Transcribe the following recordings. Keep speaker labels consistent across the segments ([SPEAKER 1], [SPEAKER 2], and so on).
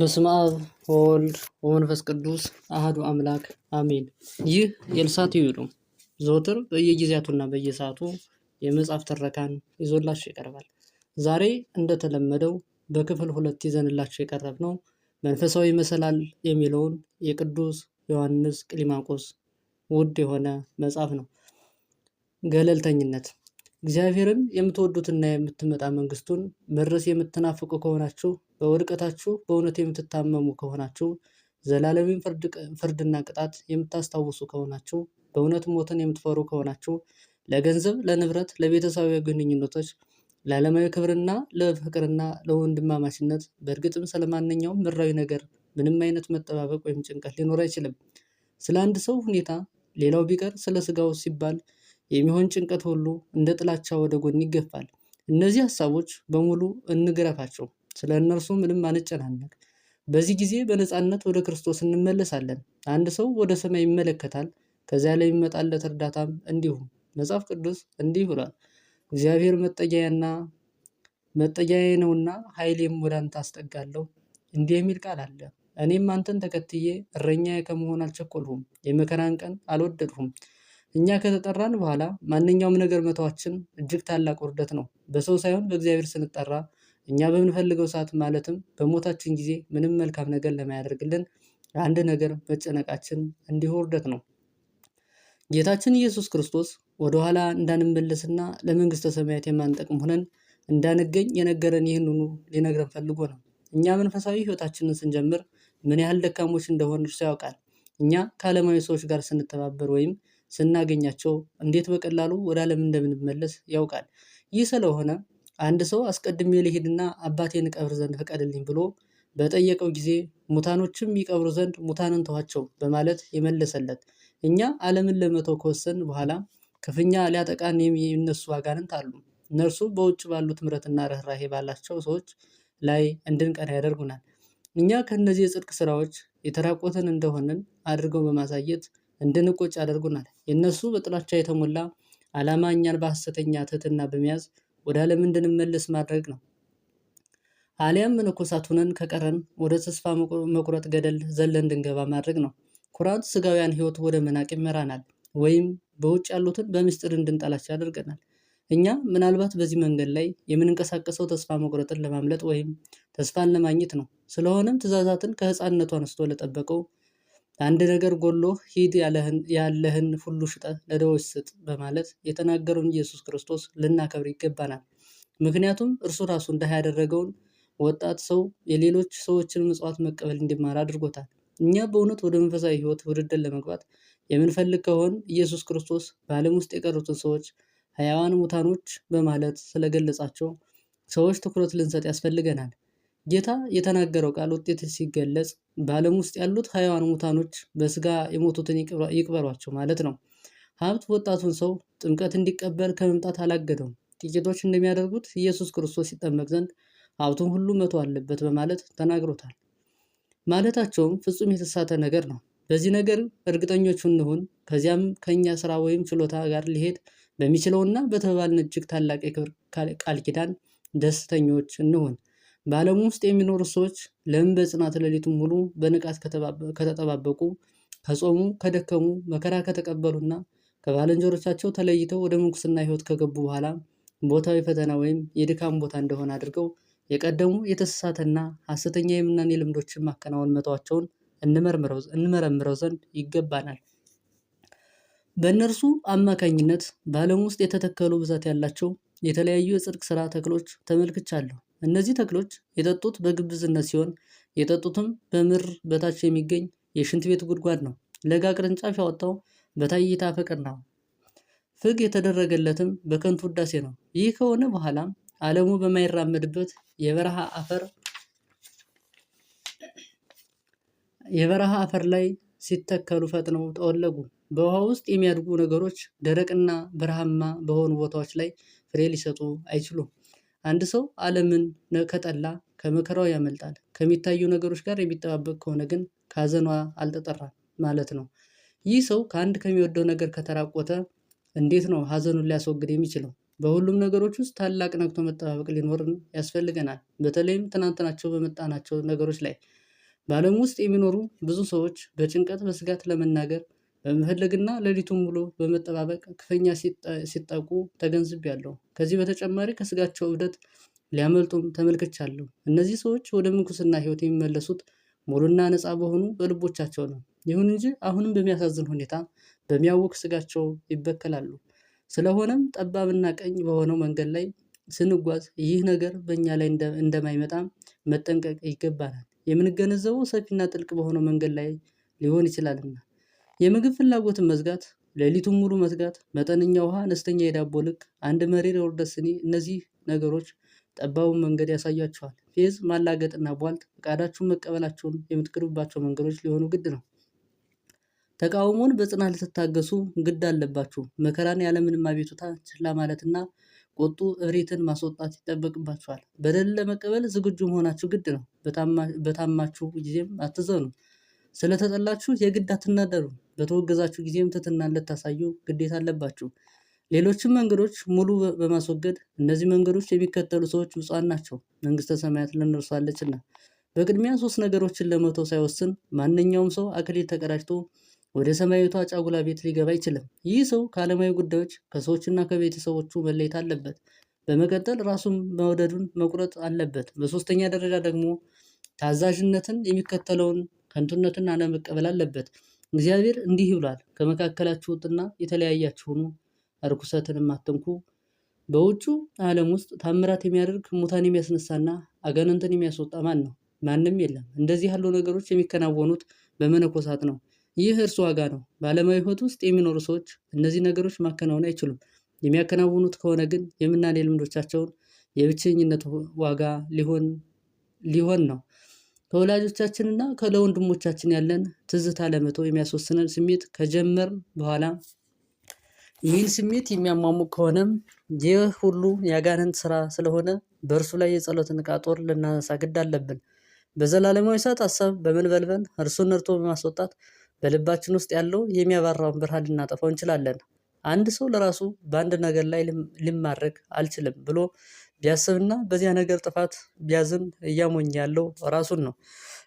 [SPEAKER 1] በስመ አብ ወወልድ ወመንፈስ ቅዱስ አህዱ አምላክ አሜን። ይህ የልሳት ይዩ ዘወትር በየጊዜያቱና በየሰዓቱ የመጽሐፍ ትረካን ይዞላችሁ ይቀርባል። ዛሬ እንደተለመደው በክፍል ሁለት ይዘንላችሁ የቀረብ ነው መንፈሳዊ መሰላል የሚለውን የቅዱስ ዮሐንስ ቅሊማቆስ ውድ የሆነ መጽሐፍ ነው። ገለልተኝነት እግዚአብሔርን የምትወዱትና የምትመጣ መንግስቱን መድረስ የምትናፍቁ ከሆናችሁ በውድቀታችሁ በእውነት የምትታመሙ ከሆናችሁ ዘላለምን ፍርድና ቅጣት የምታስታውሱ ከሆናችሁ በእውነት ሞትን የምትፈሩ ከሆናችሁ ለገንዘብ ለንብረት ለቤተሰባዊ ግንኙነቶች ለዓለማዊ ክብርና ለፍቅርና ለወንድማማችነት በእርግጥም ስለማንኛውም ምድራዊ ነገር ምንም አይነት መጠባበቅ ወይም ጭንቀት ሊኖር አይችልም። ስለ አንድ ሰው ሁኔታ ሌላው ቢቀር ስለ ስጋው ሲባል የሚሆን ጭንቀት ሁሉ እንደ ጥላቻ ወደ ጎን ይገፋል። እነዚህ ሀሳቦች በሙሉ እንግረፋቸው። ስለ እነርሱ ምንም አንጨናነቅ። በዚህ ጊዜ በነፃነት ወደ ክርስቶስ እንመለሳለን። አንድ ሰው ወደ ሰማይ ይመለከታል፣ ከዚያ ላይ የሚመጣለት እርዳታም እንዲሁም መጽሐፍ ቅዱስ እንዲህ ብሏል፣ እግዚአብሔር መጠጊያና መጠጊያዬ ነውና ኃይሌም ወደ አንተ አስጠጋለሁ። እንዲህ የሚል ቃል አለ። እኔም አንተን ተከትዬ እረኛዬ ከመሆን አልቸኮልሁም፣ የመከራን ቀን አልወደድሁም። እኛ ከተጠራን በኋላ ማንኛውም ነገር መተዋችን እጅግ ታላቅ ውርደት ነው። በሰው ሳይሆን በእግዚአብሔር ስንጠራ እኛ በምንፈልገው ሰዓት ማለትም በሞታችን ጊዜ ምንም መልካም ነገር ለማያደርግልን አንድ ነገር መጨነቃችን እንዲሁ ውርደት ነው። ጌታችን ኢየሱስ ክርስቶስ ወደኋላ እንዳንመለስና ለመንግሥተ ሰማያት የማንጠቅም ሆነን እንዳንገኝ የነገረን ይህንኑ ሊነግረን ፈልጎ ነው። እኛ መንፈሳዊ ሕይወታችንን ስንጀምር ምን ያህል ደካሞች እንደሆን እርሱ ያውቃል። እኛ ከዓለማዊ ሰዎች ጋር ስንተባበር ወይም ስናገኛቸው እንዴት በቀላሉ ወደ ዓለም እንደምንመለስ ያውቃል። ይህ ስለሆነ አንድ ሰው አስቀድሜ ልሄድና አባቴን እቀብር ዘንድ ፍቀድልኝ ብሎ በጠየቀው ጊዜ ሙታኖችም ይቀብሩ ዘንድ ሙታንን ተዋቸው በማለት የመለሰለት እኛ ዓለምን ለመተው ከወሰን በኋላ ክፉኛ ሊያጠቃን የሚነሱ አጋንንት አሉ። እነርሱ በውጭ ባሉት ምረትና ርኅራሄ ባላቸው ሰዎች ላይ እንድንቀና ያደርጉናል። እኛ ከእነዚህ የጽድቅ ስራዎች የተራቆትን እንደሆንን አድርገው በማሳየት እንድንቆጭ ያደርጉናል። የእነሱ በጥላቻ የተሞላ ዓላማ እኛን በሐሰተኛ ትህትና በመያዝ ወደ ዓለም እንድንመለስ ማድረግ ነው። አሊያም መነኮሳት ሁነን ከቀረን ወደ ተስፋ መቁረጥ ገደል ዘለን እንድንገባ ማድረግ ነው። ኩራቱ ስጋውያን ህይወት ወደ መናቅ ይመራናል፣ ወይም በውጭ ያሉትን በምስጢር እንድንጠላቸው ያደርገናል። እኛ ምናልባት በዚህ መንገድ ላይ የምንንቀሳቀሰው ተስፋ መቁረጥን ለማምለጥ ወይም ተስፋን ለማግኘት ነው። ስለሆነም ትእዛዛትን ከህፃንነቱ አንስቶ ለጠበቀው ለአንድ ነገር ጎሎ ሂድ ያለህን ሁሉ ሽጠ ለደዎች ስጥ በማለት የተናገረውን ኢየሱስ ክርስቶስ ልናከብር ይገባናል። ምክንያቱም እርሱ ራሱ እንደሃ ያደረገውን ወጣት ሰው የሌሎች ሰዎችን ምጽዋት መቀበል እንዲማር አድርጎታል። እኛ በእውነት ወደ መንፈሳዊ ህይወት ውድድር ለመግባት የምንፈልግ ከሆን ኢየሱስ ክርስቶስ በዓለም ውስጥ የቀሩትን ሰዎች ሕያዋን ሙታኖች በማለት ስለገለጻቸው ሰዎች ትኩረት ልንሰጥ ያስፈልገናል። ጌታ የተናገረው ቃል ውጤት ሲገለጽ በዓለም ውስጥ ያሉት ሕያዋን ሙታኖች በስጋ የሞቱትን ይቅበሯቸው ማለት ነው። ሀብት ወጣቱን ሰው ጥምቀት እንዲቀበል ከመምጣት አላገደውም። ጥቂቶች እንደሚያደርጉት ኢየሱስ ክርስቶስ ሲጠመቅ ዘንድ ሀብቱን ሁሉ መቶ አለበት በማለት ተናግሮታል። ማለታቸውም ፍጹም የተሳተ ነገር ነው። በዚህ ነገር እርግጠኞቹ እንሁን። ከዚያም ከእኛ ስራ ወይም ችሎታ ጋር ሊሄድ በሚችለውና በተባልን እጅግ ታላቅ የክብር ቃል ኪዳን ደስተኞች እንሁን። በዓለም ውስጥ የሚኖሩ ሰዎች ለምን በጽናት ሌሊቱን ሙሉ በንቃት ከተጠባበቁ ከጾሙ፣ ከደከሙ፣ መከራ ከተቀበሉና ከባለንጀሮቻቸው ተለይተው ወደ ምንኩስና ህይወት ከገቡ በኋላ ቦታዊ ፈተና ወይም የድካም ቦታ እንደሆነ አድርገው የቀደሙ የተሳሳተና ሐሰተኛ የምናኔ ልምዶችን ማከናወን መተዋቸውን እንመረምረው ዘንድ ይገባናል። በእነርሱ አማካኝነት በዓለም ውስጥ የተተከሉ ብዛት ያላቸው የተለያዩ የጽድቅ ስራ ተክሎች ተመልክቻለሁ። እነዚህ ተክሎች የጠጡት በግብዝነት ሲሆን የጠጡትም በምር በታች የሚገኝ የሽንት ቤት ጉድጓድ ነው። ለጋ ቅርንጫፍ ያወጣው በታይታ ፍቅር ነው። ፍግ የተደረገለትም በከንቱ ውዳሴ ነው። ይህ ከሆነ በኋላ ዓለሙ በማይራመድበት የበረሃ አፈር የበረሃ አፈር ላይ ሲተከሉ ፈጥነው ጠወለጉ። በውሃ ውስጥ የሚያድጉ ነገሮች ደረቅና በረሃማ በሆኑ ቦታዎች ላይ ፍሬ ሊሰጡ አይችሉም። አንድ ሰው ዓለምን ከጠላ ከመከራው ያመልጣል። ከሚታዩ ነገሮች ጋር የሚጠባበቅ ከሆነ ግን ከሐዘኗ አልተጠራም ማለት ነው። ይህ ሰው ከአንድ ከሚወደው ነገር ከተራቆተ እንዴት ነው ሐዘኑን ሊያስወግድ የሚችለው? በሁሉም ነገሮች ውስጥ ታላቅ ነቅቶ መጠባበቅ ሊኖርን ያስፈልገናል። በተለይም ትናንትናቸው በመጣናቸው ነገሮች ላይ በዓለም ውስጥ የሚኖሩ ብዙ ሰዎች በጭንቀት በስጋት ለመናገር በመፈለግና ሌሊቱን ሙሉ በመጠባበቅ ክፉኛ ሲጠቁ ተገንዝቤያለሁ። ከዚህ በተጨማሪ ከስጋቸው እብደት ሊያመልጡም ተመልክቻለሁ። እነዚህ ሰዎች ወደ ምንኩስና ህይወት የሚመለሱት ሙሉና ነፃ በሆኑ በልቦቻቸው ነው። ይሁን እንጂ አሁንም በሚያሳዝን ሁኔታ በሚያውቅ ስጋቸው ይበከላሉ። ስለሆነም ጠባብና ቀኝ በሆነው መንገድ ላይ ስንጓዝ ይህ ነገር በእኛ ላይ እንደማይመጣ መጠንቀቅ ይገባናል። የምንገነዘበው ሰፊና ጥልቅ በሆነው መንገድ ላይ ሊሆን ይችላልና የምግብ ፍላጎትን መዝጋት ሌሊቱን ሙሉ መዝጋት መጠነኛ ውሃ አነስተኛ የዳቦ ልክ አንድ መሪ የወርደስ ስኒ እነዚህ ነገሮች ጠባቡን መንገድ ያሳያቸዋል። ፌዝ ማላገጥና ቧልት ፈቃዳችሁን መቀበላቸውን የምትክዱባቸው መንገዶች ሊሆኑ ግድ ነው። ተቃውሞን በጽና ልትታገሱ ግድ አለባችሁ መከራን ያለምንም አቤቱታ ችላ ማለትና ቁጡ እሬትን ማስወጣት ይጠበቅባችኋል። በደል ለመቀበል ዝግጁ መሆናችሁ ግድ ነው። በታማችሁ ጊዜም አትዘኑ። ስለተጠላችሁ የግድ አትናደሩ። በተወገዛችሁ ጊዜም ትህትናን ልታሳዩ ግዴታ አለባችሁ። ሌሎችም መንገዶች ሙሉ በማስወገድ እነዚህ መንገዶች የሚከተሉ ሰዎች ብፁዓን ናቸው፣ መንግስተ ሰማያት ለእነርሱ በቅድሚያ ሶስት ነገሮችን ለመቶ ሳይወስን ማንኛውም ሰው አክሊል ተቀዳጅቶ ወደ ሰማያዊቷ ጫጉላ ቤት ሊገባ አይችልም። ይህ ሰው ከዓለማዊ ጉዳዮች ከሰዎችና ከቤተሰቦቹ መለየት አለበት። በመቀጠል ራሱን መውደዱን መቁረጥ አለበት። በሶስተኛ ደረጃ ደግሞ ታዛዥነትን የሚከተለውን ከንቱነትና አነ አለበት። እግዚአብሔር እንዲህ ይብሏል፣ ከመካከላችሁ ውጡና የተለያያችሁ ሁኑ፣ ርኩሰትንም አትንኩ። በውጩ ዓለም ውስጥ ታምራት የሚያደርግ ሙታን የሚያስነሳና አጋንንትን የሚያስወጣ ማን ነው? ማንም የለም። እንደዚህ ያሉ ነገሮች የሚከናወኑት በመነኮሳት ነው። ይህ እርሱ ዋጋ ነው። በዓለማዊ ሕይወት ውስጥ የሚኖሩ ሰዎች እነዚህ ነገሮች ማከናወን አይችሉም። የሚያከናውኑት ከሆነ ግን የምናኔ ልምዶቻቸውን የብቸኝነት ዋጋ ሊሆን ነው። ከወላጆቻችንና ከለወንድሞቻችን ያለን ትዝታ ለመቶ የሚያስወስነን ስሜት ከጀመር በኋላ ይህን ስሜት የሚያሟሙቅ ከሆነም ይህ ሁሉ የአጋንንት ስራ ስለሆነ በእርሱ ላይ የጸሎትን ዕቃ ጦር ልናነሳ ግድ አለብን። በዘላለማዊ እሳት ሀሳብ በመንበልበል እርሱን ነርቶ በማስወጣት በልባችን ውስጥ ያለው የሚያባራውን ብርሃን ልናጠፋው እንችላለን። አንድ ሰው ለራሱ በአንድ ነገር ላይ ልማረክ አልችልም ብሎ ቢያስብና በዚያ ነገር ጥፋት ቢያዝን እያሞኝ ያለው ራሱን ነው።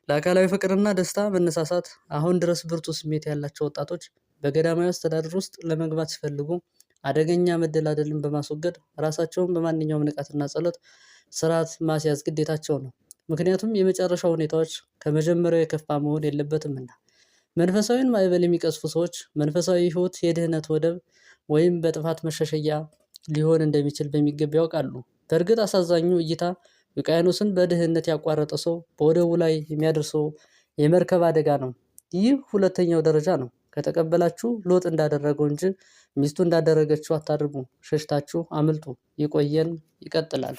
[SPEAKER 1] ለአካላዊ ፍቅርና ደስታ መነሳሳት አሁን ድረስ ብርቱ ስሜት ያላቸው ወጣቶች በገዳማዊ አስተዳደር ውስጥ ለመግባት ሲፈልጉ አደገኛ መደላደልን በማስወገድ ራሳቸውን በማንኛውም ንቃትና ጸሎት ስርዓት ማስያዝ ግዴታቸው ነው። ምክንያቱም የመጨረሻ ሁኔታዎች ከመጀመሪያው የከፋ መሆን የለበትምና። መንፈሳዊን ማዕበል የሚቀስፉ ሰዎች መንፈሳዊ ህይወት የድህነት ወደብ ወይም በጥፋት መሸሸያ ሊሆን እንደሚችል በሚገባ ያውቃሉ። በእርግጥ አሳዛኙ እይታ ውቅያኖስን በድህነት ያቋረጠ ሰው በወደቡ ላይ የሚያደርሰው የመርከብ አደጋ ነው። ይህ ሁለተኛው ደረጃ ነው። ከተቀበላችሁ ሎጥ እንዳደረገው እንጂ ሚስቱ እንዳደረገችው አታድርጉ። ሸሽታችሁ አምልጡ። ይቆየን። ይቀጥላል።